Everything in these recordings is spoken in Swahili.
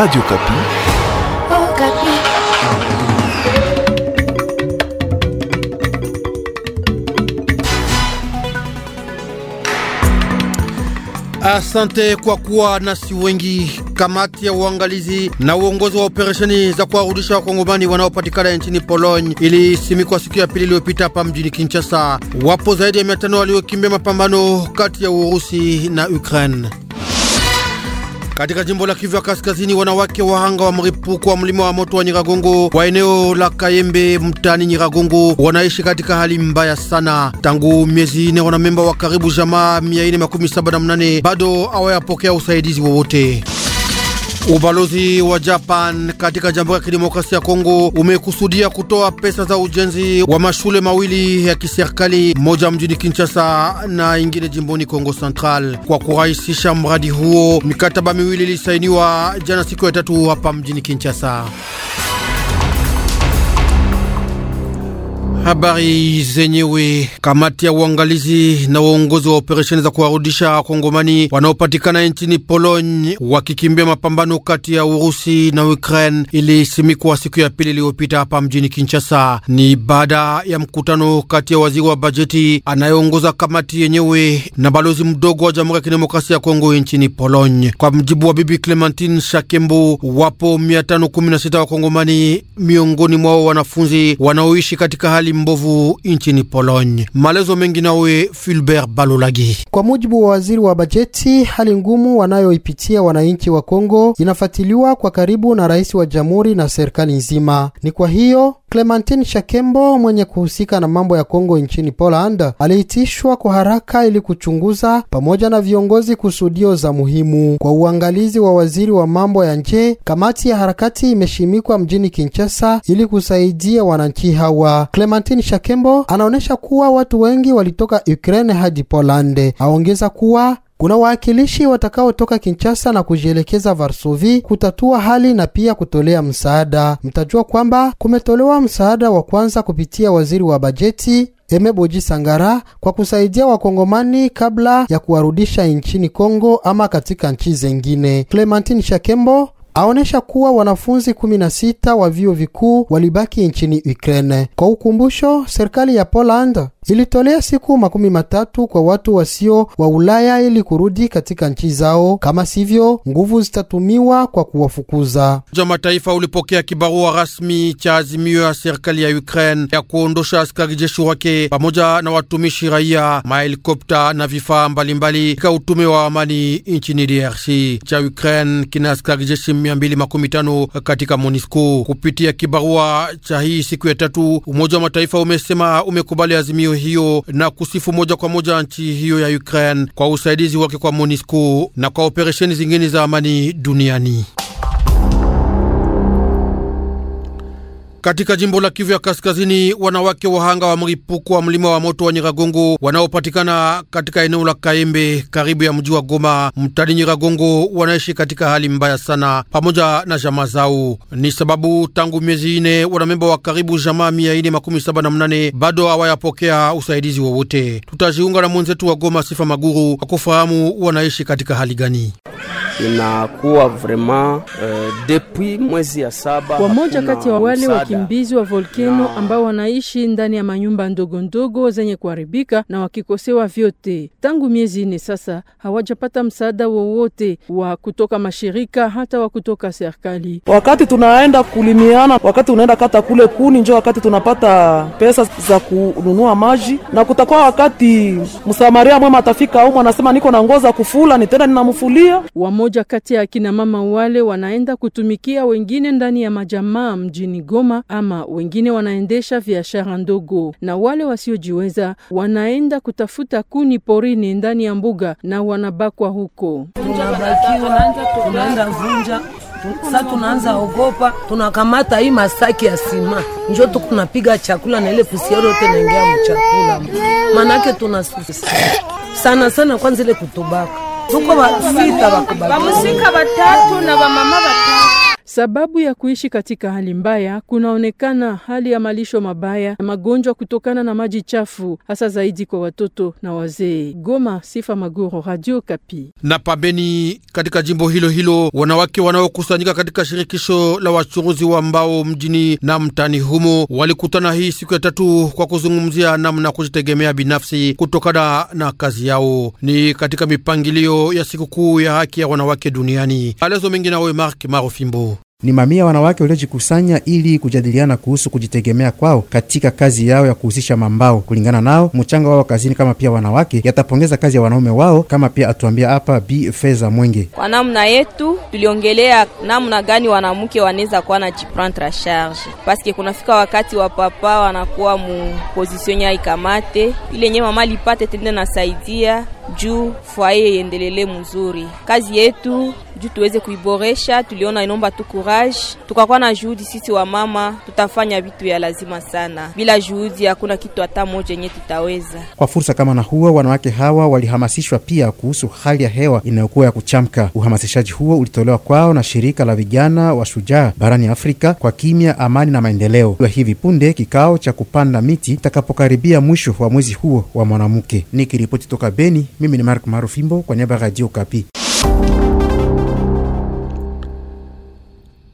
Radio Kapi. Oh, Kapi. Asante kwa kuwa nasi wengi. Kamati ya uangalizi na uongozi wa operesheni za kuwarudisha wakongomani wanaopatikana nchini Pologne ilisimikwa siku ya pili iliyopita hapa mjini Kinshasa. Wapo zaidi ya mia tano waliokimbia mapambano kati ya Urusi na Ukraine. Katika jimbo la Kivu ya Kaskazini, wanawake wahanga wa mripuko wa mlima wa moto wa Nyiragongo wa eneo la Kayembe mtani Nyiragongo wanaishi katika hali mbaya sana tangu miezi ine. Wanamemba wa karibu jamaa 478 bado hawayapokea usaidizi wowote. Ubalozi wa Japan katika Jamhuri ya Kidemokrasia ya Kongo umekusudia kutoa pesa za ujenzi wa mashule mawili ya kiserikali, moja mjini Kinshasa na ingine jimboni Kongo Central. Kwa kurahisisha mradi huo, mikataba miwili ilisainiwa jana siku ya tatu hapa mjini Kinshasa. Habari zenyewe. Kamati ya uangalizi na uongozi wa operesheni za kuwarudisha wakongomani wanaopatikana nchini Pologne wakikimbia mapambano kati ya Urusi na Ukraine ilisimikwa siku ya pili iliyopita hapa mjini Kinshasa. Ni baada ya mkutano kati ya waziri wa bajeti anayeongoza kamati yenyewe na balozi mdogo wa Jamhuri ya Kidemokrasia ya Kongo nchini Pologne. Kwa mjibu wa Bibi Clementine Shakembo, wapo 516 wakongomani miongoni mwao wanafunzi wanaoishi katika hali hali mbovu nchini Pologne. Maelezo mengi nawe Fulbert Balolagi. Kwa mujibu wa waziri wa bajeti, hali ngumu wanayoipitia wananchi wa Kongo inafuatiliwa kwa karibu na rais wa jamhuri na serikali nzima. Ni kwa hiyo Clementine Shakembo mwenye kuhusika na mambo ya Kongo nchini Poland aliitishwa kwa haraka ili kuchunguza pamoja na viongozi kusudio za muhimu kwa uangalizi wa waziri wa mambo ya nje. Kamati ya harakati imeshimikwa mjini Kinshasa ili kusaidia wananchi hawa. Clementine Shakembo anaonyesha kuwa watu wengi walitoka Ukraine hadi Poland. Aongeza kuwa kuna waakilishi watakaotoka Kinshasa na kujielekeza Varsovi kutatua hali na pia kutolea msaada. Mtajua kwamba kumetolewa msaada wa kwanza kupitia waziri wa bajeti Emeboji Sangara kwa kusaidia wakongomani kabla ya kuwarudisha nchini Kongo ama katika nchi zengine. Clementine Shakembo aonesha kuwa wanafunzi 16 wa vyuo vikuu walibaki nchini Ukraine. Kwa ukumbusho, serikali ya Poland ilitolea siku makumi matatu kwa watu wasio wa Ulaya ili kurudi katika nchi zao, kama sivyo nguvu zitatumiwa kwa kuwafukuza. Umoja wa Mataifa ulipokea kibarua rasmi cha azimio ya serikali ya Ukraine ya kuondosha askari jeshi wake pamoja na watumishi raia, mahelikopta na vifaa mbalimbali katika utume wa amani nchini DRC. Cha Ukraine kina askari jeshi 215 katika MONUSCO. Kupitia kibarua cha hii siku ya tatu, Umoja wa Mataifa umesema umekubali azimio hiyo hiyo na kusifu moja kwa moja nchi hiyo ya Ukraine kwa usaidizi wake kwa MONUSCO na kwa operesheni zingine za amani duniani. Katika jimbo la Kivu ya Kaskazini, wanawake wahanga wa mlipuko wa mlima wa moto wa Nyiragongo wanaopatikana katika eneo la Kaembe karibu ya mji wa Goma mtani Nyiragongo wanaishi katika hali mbaya sana pamoja na jamaa zao. Ni sababu tangu miezi ine wanamemba wa karibu jamaa mia ine makumi saba na mnane bado hawayapokea usaidizi wowote. Tutajiunga na mwenzetu wa Goma Sifa Maguru kwa kufahamu wanaishi katika hali gani. Inakuwa vraiment, uh, depuis mwezi ya saba, wamoja kati ya wale wa wakimbizi wa volkeno ambao wanaishi ndani ya manyumba ndogo ndogo zenye kuharibika na wakikosewa vyote tangu miezi nne sasa, hawajapata msaada wowote wa kutoka mashirika hata wa kutoka serikali. Wakati tunaenda kulimiana, wakati unaenda kata kule kuni, njo wakati tunapata pesa za kununua maji, na kutakuwa wakati msamaria mwema atafika umo, anasema niko na ngoza kufula, nitenda ninamfulia. Wamoja kati ya akina mama wale wanaenda kutumikia wengine ndani ya majamaa mjini Goma ama wengine wanaendesha biashara ndogo, na wale wasiojiweza wanaenda kutafuta kuni porini ndani ya mbuga na wanabakwa huko. Tunabakiwa, tunaenda vunja sasa tunaanza ogopa, tunakamata hii masaki ya sima njo tukunapiga chakula na ile pusiero yote naingia mchakula, manake tuna sana sana kwanza ile kutubaka tuko wasita wakubaka bamusika watatu na wamama watatu Sababu ya kuishi katika hali mbaya kunaonekana hali ya malisho mabaya na magonjwa kutokana na maji chafu, hasa zaidi kwa watoto na wazee. Goma, Sifa Maguro, Radio Kapi. Na pabeni katika jimbo hilo hilo, wanawake wanaokusanyika katika shirikisho la wachuruzi wa mbao mjini na mtani humo walikutana hii siku ya tatu kwa kuzungumzia namna kujitegemea binafsi kutokana na kazi yao, ni katika mipangilio ya sikukuu ya haki ya wanawake duniani. Maelezo mengi nawe Mark Marofimbo. Ni mamia wanawake waliojikusanya ili kujadiliana kuhusu kujitegemea kwao katika kazi yao ya kuhusisha mambao. Kulingana nao, mchango wao kazini kama pia wanawake yatapongeza kazi ya wanaume wao, kama pia atuambia hapa Bi Feza Mwenge. Kwa namna yetu tuliongelea namna gani wanamke wanaweza kuwa na jiprendre charge, paske kunafika wakati wa papa wanakuwa mu position ya ikamate ile nye mama lipate tende nasaidia juu fwaye iendelele mzuri. Kazi yetu juu tuweze kuiboresha, tuliona inomba tu courage, tukakuwa na juhudi. Sisi wa mama tutafanya vitu ya lazima sana, bila juhudi hakuna kitu hata moja yenye tutaweza. Kwa fursa kama na huo, wanawake hawa walihamasishwa pia kuhusu hali ya hewa inayokuwa ya kuchamka. Uhamasishaji huo ulitolewa kwao na shirika la vijana wa shujaa barani Afrika kwa kimya, amani na maendeleo. Kwa hivi punde kikao cha kupanda miti takapokaribia mwisho wa mwezi huo wa mwanamke. Nikiripoti toka Beni. Mimi ni Mark Marufimbo kwa niaba ya Radio Kapi.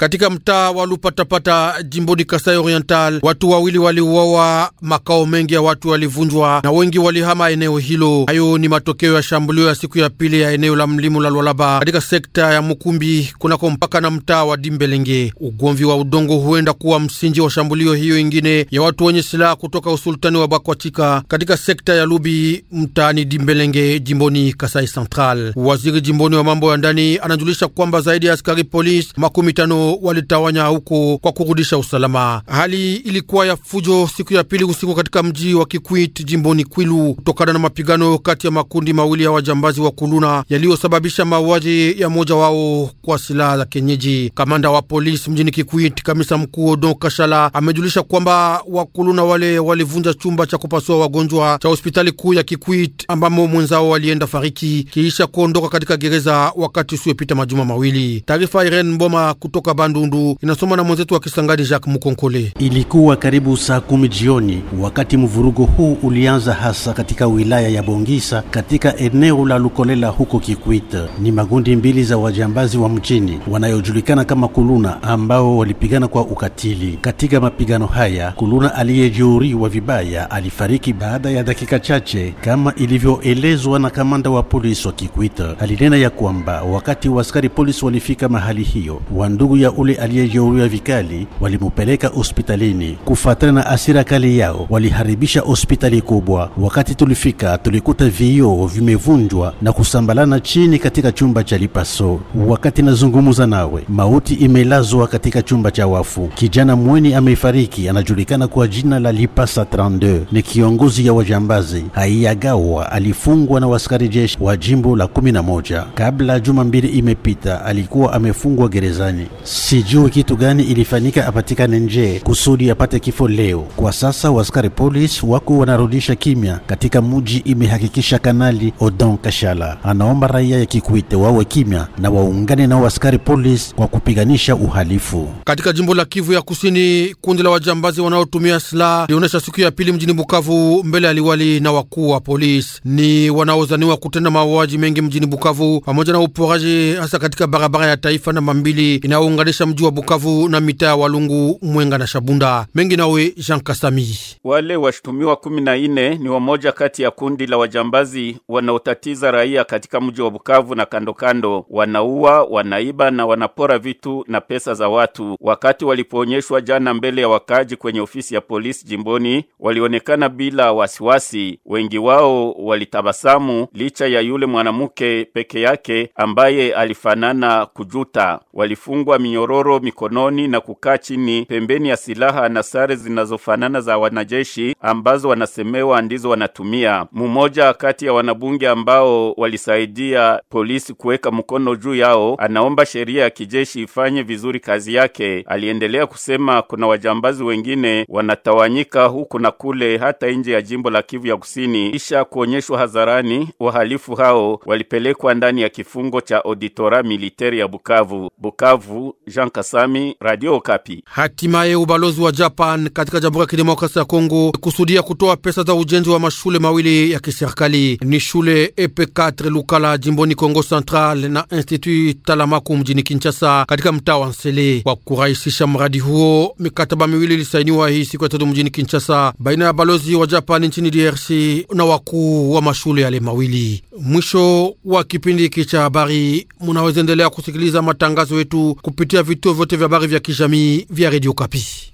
Katika mtaa wa Lupatapata jimboni Kasai Oriental, watu wawili waliuawa, makao mengi ya watu yalivunjwa na wengi walihama eneo hilo. Hayo ni matokeo ya shambulio ya siku ya pili ya eneo la mlimo la Lwalaba katika sekta ya Mukumbi kunako mpaka na mtaa wa Dimbelenge. Ugomvi wa udongo huenda kuwa msingi wa shambulio hiyo ingine ya watu wenye silaha kutoka usultani wa Bakwachika katika sekta ya Lubi mtaani Dimbelenge jimboni Kasai Central. Waziri jimboni wa mambo ya ndani anajulisha kwamba zaidi ya askari polisi makumi tano walitawanya huko kwa kurudisha usalama. Hali ilikuwa ya fujo siku ya pili usiku katika mji wa Kikwit jimboni Kwilu kutokana na mapigano kati ya makundi mawili ya wajambazi wa Kuluna yaliyosababisha mauaji ya moja wao kwa silaha za kienyeji. Kamanda wa polisi mjini Kikwit, kamisa mkuu Odon Kashala, amejulisha kwamba Wakuluna wale walivunja chumba cha kupasua wagonjwa cha hospitali kuu ya Kikwit ambamo mwenzao walienda fariki kiisha kuondoka katika gereza wakati usiopita majuma mawili. Taarifa Irene Mboma kutoka Bandundu, inasoma na mwenzetu wa Kisangani Jacques Mukonkole. Ilikuwa karibu saa kumi jioni wakati mvurugo huu ulianza, hasa katika wilaya ya Bongisa katika eneo la Lukolela huko Kikwita. Ni magundi mbili za wajambazi wa mjini wanayojulikana kama Kuluna ambao walipigana kwa ukatili. Katika mapigano haya, Kuluna aliyejeruhiwa vibaya alifariki baada ya dakika chache, kama ilivyoelezwa na kamanda wa polisi wa Kikwita. Alinena ya kwamba wakati wa askari polisi walifika mahali hiyo, wandugu ya ule aliyejeruhiwa vikali walimupeleka hospitalini. Kufuatana na asira kali yao, waliharibisha hospitali kubwa. Wakati tulifika, tulikuta vioo vimevunjwa na kusambalana chini katika chumba cha lipaso. Wakati nazungumuza nawe, mauti imelazwa katika chumba cha wafu. Kijana mweni amefariki, anajulikana kwa jina la Lipasa 32 ni kiongozi ya wajambazi. Haiyagawa alifungwa na waskari jeshi wa jimbo la 11 kabla juma mbili imepita, alikuwa amefungwa gerezani. Sijui kitu gani ilifanyika apatikane nje kusudi apate kifo leo. Kwa sasa waskari polisi wako wanarudisha kimya katika muji, imehakikisha Kanali Odon Kashala. Anaomba raia ya Kikwite wawe kimya na waungane na waskari polisi kwa kupiganisha uhalifu katika jimbo la Kivu ya Kusini. Kundi la wajambazi wanaotumia silaha lionyesha siku ya pili mjini Bukavu mbele ya liwali na wakuu wa polisi. Ni wanaozaniwa kutenda mauaji mengi mjini Bukavu pamoja na uporaji hasa katika barabara ya taifa namba mbili inaunga kuunganisha mji wa Bukavu na mitaa Walungu, Mwenga na Shabunda. Mengi nawe Jean Kasami. Wale washtumiwa kumi na nne ni wamoja kati ya kundi la wajambazi wanaotatiza raia katika mji wa Bukavu na kandokando. Wanaua, wanaiba na wanapora vitu na pesa za watu. Wakati walipoonyeshwa jana mbele ya wakaaji kwenye ofisi ya polisi jimboni, walionekana bila wasiwasi. Wengi wao walitabasamu licha ya yule mwanamke peke yake ambaye alifanana kujuta. Walifungwa minyororo mikononi na kukaa chini pembeni ya silaha na sare zinazofanana za wanajeshi ambazo wanasemewa ndizo wanatumia. Mmoja kati ya wanabunge ambao walisaidia polisi kuweka mkono juu yao anaomba sheria ya kijeshi ifanye vizuri kazi yake. Aliendelea kusema kuna wajambazi wengine wanatawanyika huku na kule hata nje ya jimbo la Kivu ya Kusini. Kisha kuonyeshwa hadharani, wahalifu hao walipelekwa ndani ya kifungo cha auditora militeri ya Bukavu. Bukavu, Jean Kasami, Radio Kapi. Hatimaye ubalozi wa Japan katika Jamhuri ya Kidemokrasia ya Kongo kusudia kutoa pesa za ujenzi wa mashule mawili ya kiserikali ni shule EP4 Lukala jimboni Kongo Central na Institut Talamaku mjini Kinshasa katika mtaa wa Nsele. Kwa kurahisisha mradi huo, mikataba miwili ilisainiwa hii siku ya tatu mjini Kinshasa baina ya balozi wa Japan nchini DRC na wakuu wa mashule yale mawili. Mwisho wa kipindi hiki cha habari, munaweza endelea kusikiliza matangazo yetu kupita kupitia vituo vyote vya habari vya kijamii vya Radio Kapi.